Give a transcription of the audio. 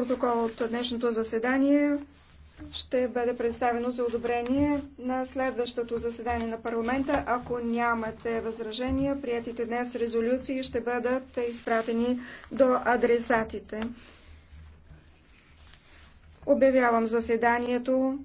Протокол от днешното заседание ще бъде представено за одобрение на следващото заседание на парламента. Ако нямате възражения, приятите днес резолюции ще бъдат изпратени до адресатите. Обявявам заседанието